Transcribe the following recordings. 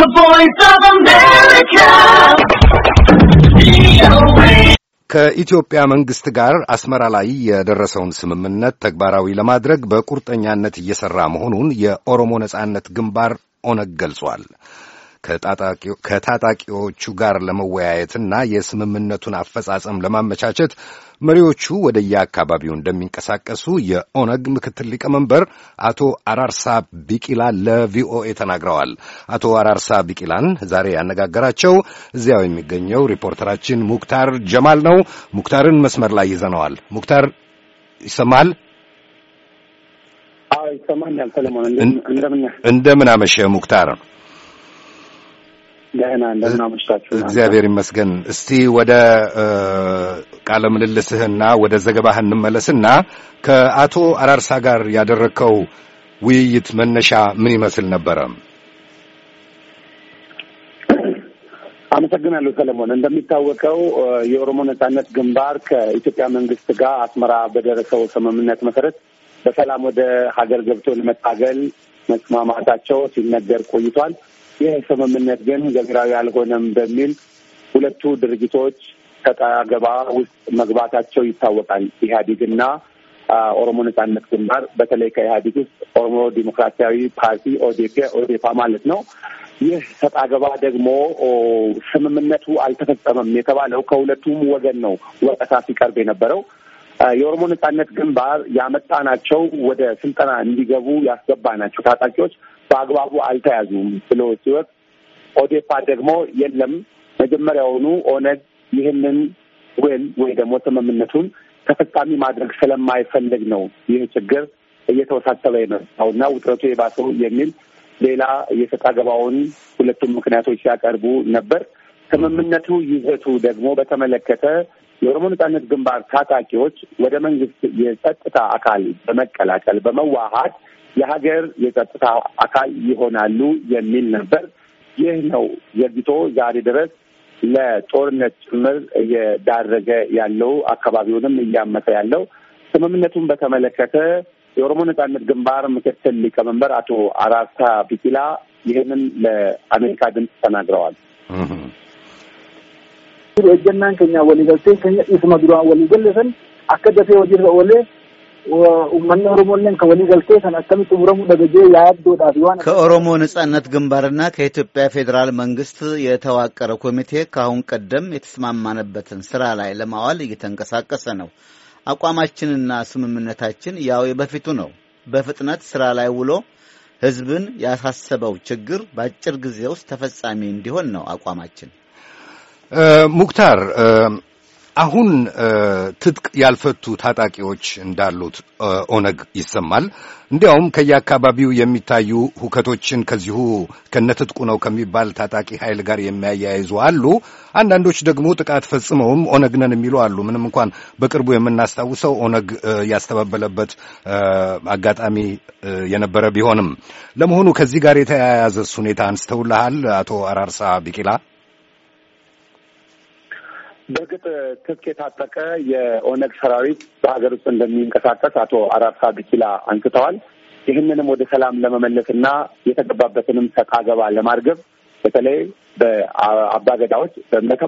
The voice of America. ከኢትዮጵያ መንግስት ጋር አስመራ ላይ የደረሰውን ስምምነት ተግባራዊ ለማድረግ በቁርጠኛነት እየሰራ መሆኑን የኦሮሞ ነጻነት ግንባር ኦነግ ገልጿል። ከታጣቂዎቹ ጋር ለመወያየትና የስምምነቱን አፈጻጸም ለማመቻቸት መሪዎቹ ወደየአካባቢው እንደሚንቀሳቀሱ የኦነግ ምክትል ሊቀመንበር አቶ አራርሳ ቢቂላ ለቪኦኤ ተናግረዋል። አቶ አራርሳ ቢቂላን ዛሬ ያነጋገራቸው እዚያው የሚገኘው ሪፖርተራችን ሙክታር ጀማል ነው። ሙክታርን መስመር ላይ ይዘነዋል። ሙክታር ይሰማል? አዎ ይሰማኛል። ሰለሞን እንደምን አመሸ ሙክታር? ደህና እንደምናመሽታችሁ። እግዚአብሔር ይመስገን። እስቲ ወደ ቃለ ምልልስህና ወደ ዘገባህ እንመለስና ከአቶ አራርሳ ጋር ያደረግከው ውይይት መነሻ ምን ይመስል ነበረ? አመሰግናለሁ ሰለሞን። እንደሚታወቀው የኦሮሞ ነጻነት ግንባር ከኢትዮጵያ መንግስት ጋር አስመራ በደረሰው ስምምነት መሰረት በሰላም ወደ ሀገር ገብቶ ለመታገል መስማማታቸው ሲነገር ቆይቷል። ይህ ስምምነት ግን ገቢራዊ አልሆነም በሚል ሁለቱ ድርጅቶች ከጠገባ ውስጥ መግባታቸው ይታወቃል። ኢህአዴግና ኦሮሞ ነጻነት ግንባር በተለይ ከኢህአዴግ ውስጥ ኦሮሞ ዲሞክራሲያዊ ፓርቲ ኦዴፔ ኦዴፓ ማለት ነው። ይህ ሰጣ ገባ ደግሞ ስምምነቱ አልተፈጸመም የተባለው ከሁለቱም ወገን ነው ወቀሳ ሲቀርብ የነበረው። የኦሮሞ ነጻነት ግንባር ያመጣናቸው ወደ ስልጠና እንዲገቡ ያስገባናቸው ታጣቂዎች በአግባቡ አልተያዙም ብሎ ሲወቅ ኦዴፓ ደግሞ የለም መጀመሪያውኑ ኦነግ ይህንን ውል ወይ ደግሞ ስምምነቱን ተፈጻሚ ማድረግ ስለማይፈልግ ነው ይህ ችግር እየተወሳሰበ የመጣው እና ውጥረቱ የባሰው የሚል ሌላ የሰጣ ገባውን ሁለቱም ምክንያቶች ሲያቀርቡ ነበር። ስምምነቱ ይዘቱ ደግሞ በተመለከተ የኦሮሞ ነጻነት ግንባር ታጣቂዎች ወደ መንግስት የጸጥታ አካል በመቀላቀል በመዋሀድ የሀገር የጸጥታ አካል ይሆናሉ የሚል ነበር። ይህ ነው ዘግይቶ ዛሬ ድረስ ለጦርነት ጭምር እየዳረገ ያለው አካባቢውንም እያመሰ ያለው። ስምምነቱን በተመለከተ የኦሮሞ ነጻነት ግንባር ምክትል ሊቀመንበር አቶ አራርሳ ቢቂላ ይህንን ለአሜሪካ ድምፅ ተናግረዋል። ጀናን ከኛ ወሊገልቴ ከኛ ኢስመ ወሊገልሰን አከደሴ ወዲ ወሌ ኡመን ኦሮሞለን ከወሊ ገልቴ ከን አከሚት ኡረሙ ደገጀ ያያዶዳፍ ይዋን ከኦሮሞ ነጻነት ግንባርና ከኢትዮጵያ ፌዴራል መንግስት የተዋቀረ ኮሚቴ ከአሁን ቀደም የተስማማነበትን ስራ ላይ ለማዋል እየተንቀሳቀሰ ነው። አቋማችንና ስምምነታችን ያው የበፊቱ ነው። በፍጥነት ስራ ላይ ውሎ ህዝብን ያሳሰበው ችግር በአጭር ጊዜ ውስጥ ተፈጻሚ እንዲሆን ነው አቋማችን። ሙክታር አሁን ትጥቅ ያልፈቱ ታጣቂዎች እንዳሉት ኦነግ ይሰማል። እንዲያውም ከየአካባቢው የሚታዩ ሁከቶችን ከዚሁ ከነትጥቁ ነው ከሚባል ታጣቂ ኃይል ጋር የሚያያይዙ አሉ። አንዳንዶች ደግሞ ጥቃት ፈጽመውም ኦነግ ነን የሚሉ አሉ። ምንም እንኳን በቅርቡ የምናስታውሰው ኦነግ ያስተባበለበት አጋጣሚ የነበረ ቢሆንም ለመሆኑ ከዚህ ጋር የተያያዘ ሁኔታ አንስተውልሃል አቶ አራርሳ ቢቂላ? በእርግጥ ትጥቅ የታጠቀ የኦነግ ሰራዊት በሀገር ውስጥ እንደሚንቀሳቀስ አቶ አራብሳ ቢኪላ አንስተዋል። ይህንንም ወደ ሰላም ለመመለስና የተገባበትንም ሰጣ ገባ ለማርገብ በተለይ በአባገዳዎች በእምነት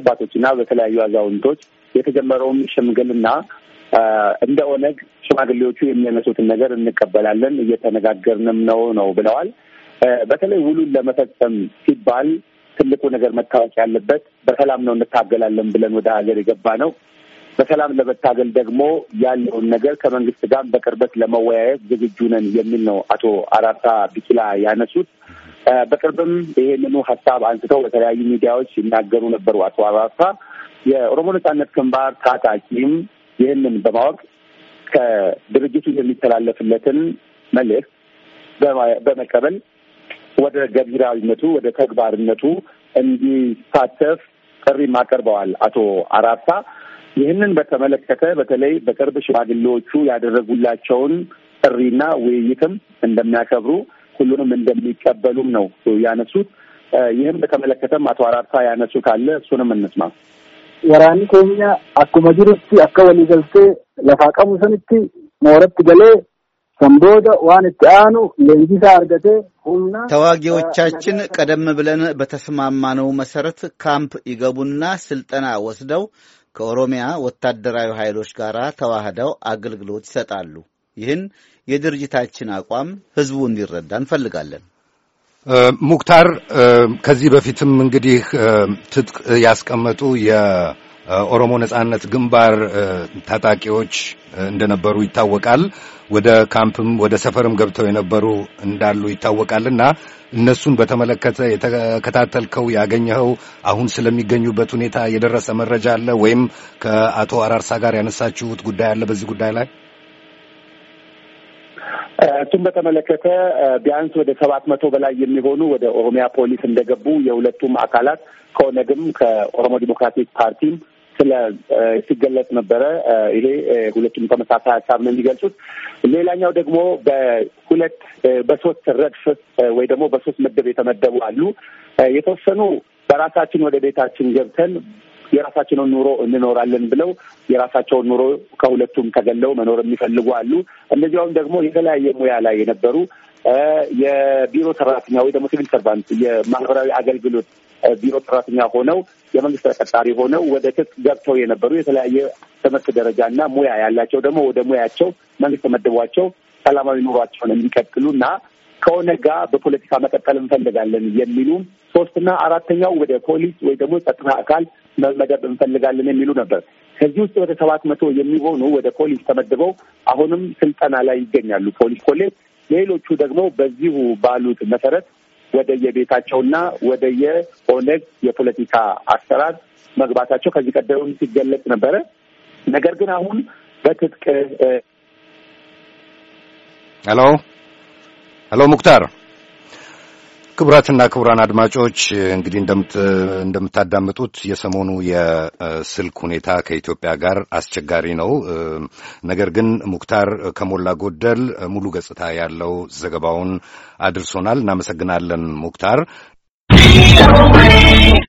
በተለያዩ አዛውንቶች የተጀመረውን ሽምግልና እንደ ኦነግ ሽማግሌዎቹ የሚያነሱትን ነገር እንቀበላለን እየተነጋገርንም ነው ነው ብለዋል። በተለይ ውሉን ለመፈጸም ሲባል ትልቁ ነገር መታወቅ ያለበት በሰላም ነው እንታገላለን ብለን ወደ ሀገር የገባ ነው። በሰላም ለመታገል ደግሞ ያለውን ነገር ከመንግስት ጋር በቅርበት ለመወያየት ዝግጁ ነን የሚል ነው አቶ አራርሳ ቢቂላ ያነሱት። በቅርብም ይሄንኑ ሀሳብ አንስተው በተለያዩ ሚዲያዎች ይናገሩ ነበሩ። አቶ አራርሳ የኦሮሞ ነጻነት ግንባር ታጣቂም ይህንን በማወቅ ከድርጅቱ የሚተላለፍለትን መልእክት በመቀበል ወደ ገቢራዊነቱ ወደ ተግባርነቱ እንዲሳተፍ ጥሪ አቅርበዋል። አቶ አራርሳ ይህንን በተመለከተ በተለይ በቅርብ ሽማግሌዎቹ ያደረጉላቸውን ጥሪና ውይይትም እንደሚያከብሩ ሁሉንም እንደሚቀበሉም ነው ያነሱት። ይህም በተመለከተም አቶ አራርሳ ያነሱ ካለ እሱንም እንስማ። ወራኒ ኬኛ አኩመ ጅሩtti akka walii galtee lafaa qabu sanitti mooratti galee ተዋጊዎቻችን ቀደም ብለን በተስማማነው መሰረት ካምፕ ይገቡና ስልጠና ወስደው ከኦሮሚያ ወታደራዊ ኃይሎች ጋር ተዋህደው አገልግሎት ይሰጣሉ። ይህን የድርጅታችን አቋም ህዝቡ እንዲረዳ እንፈልጋለን። ሙክታር፣ ከዚህ በፊትም እንግዲህ ትጥቅ ያስቀመጡ ኦሮሞ ነጻነት ግንባር ታጣቂዎች እንደነበሩ ይታወቃል። ወደ ካምፕም ወደ ሰፈርም ገብተው የነበሩ እንዳሉ ይታወቃልና እነሱን በተመለከተ የተከታተልከው ያገኘኸው አሁን ስለሚገኙበት ሁኔታ የደረሰ መረጃ አለ ወይም ከአቶ አራርሳ ጋር ያነሳችሁት ጉዳይ አለ በዚህ ጉዳይ ላይ? እሱን በተመለከተ ቢያንስ ወደ ሰባት መቶ በላይ የሚሆኑ ወደ ኦሮሚያ ፖሊስ እንደገቡ የሁለቱም አካላት ከኦነግም ከኦሮሞ ዲሞክራቲክ ፓርቲም ስለ ሲገለጽ ነበረ። ይሄ ሁለቱም ተመሳሳይ ሀሳብ ነው የሚገልጹት። ሌላኛው ደግሞ በሁለት በሶስት ረድፍ ወይ ደግሞ በሶስት ምድብ የተመደቡ አሉ። የተወሰኑ በራሳችን ወደ ቤታችን ገብተን የራሳችንን ኑሮ እንኖራለን ብለው የራሳቸውን ኑሮ ከሁለቱም ተገለው መኖር የሚፈልጉ አሉ። እነዚያውም ደግሞ የተለያየ ሙያ ላይ የነበሩ የቢሮ ሰራተኛ ወይ ደግሞ ሲቪል ሰርቫንት የማህበራዊ አገልግሎት ቢሮ ሰራተኛ ሆነው የመንግስት ተቀጣሪ ሆነው ወደ ትጥቅ ገብተው የነበሩ የተለያየ ትምህርት ደረጃና ሙያ ያላቸው ደግሞ ወደ ሙያቸው መንግስት መድቧቸው ሰላማዊ ኑሯቸውን እና ከኦነግ ጋር በፖለቲካ መቀጠል እንፈልጋለን የሚሉም ሶስትና አራተኛው ወደ ፖሊስ ወይ ደግሞ ጸጥታ አካል መመደብ እንፈልጋለን የሚሉ ነበር። ከዚህ ውስጥ ወደ ሰባት መቶ የሚሆኑ ወደ ፖሊስ ተመድበው አሁንም ስልጠና ላይ ይገኛሉ ፖሊስ ኮሌጅ። ሌሎቹ ደግሞ በዚሁ ባሉት መሰረት ወደ የቤታቸውና ወደ የኦነግ የፖለቲካ አሰራር መግባታቸው ከዚህ ቀደም ሲገለጽ ነበረ። ነገር ግን አሁን በትጥቅ ሄሎ ሄሎ ሙክታር ክቡራትና ክቡራን አድማጮች እንግዲህ እንደምታዳምጡት የሰሞኑ የስልክ ሁኔታ ከኢትዮጵያ ጋር አስቸጋሪ ነው። ነገር ግን ሙክታር ከሞላ ጎደል ሙሉ ገጽታ ያለው ዘገባውን አድርሶናል። እናመሰግናለን ሙክታር።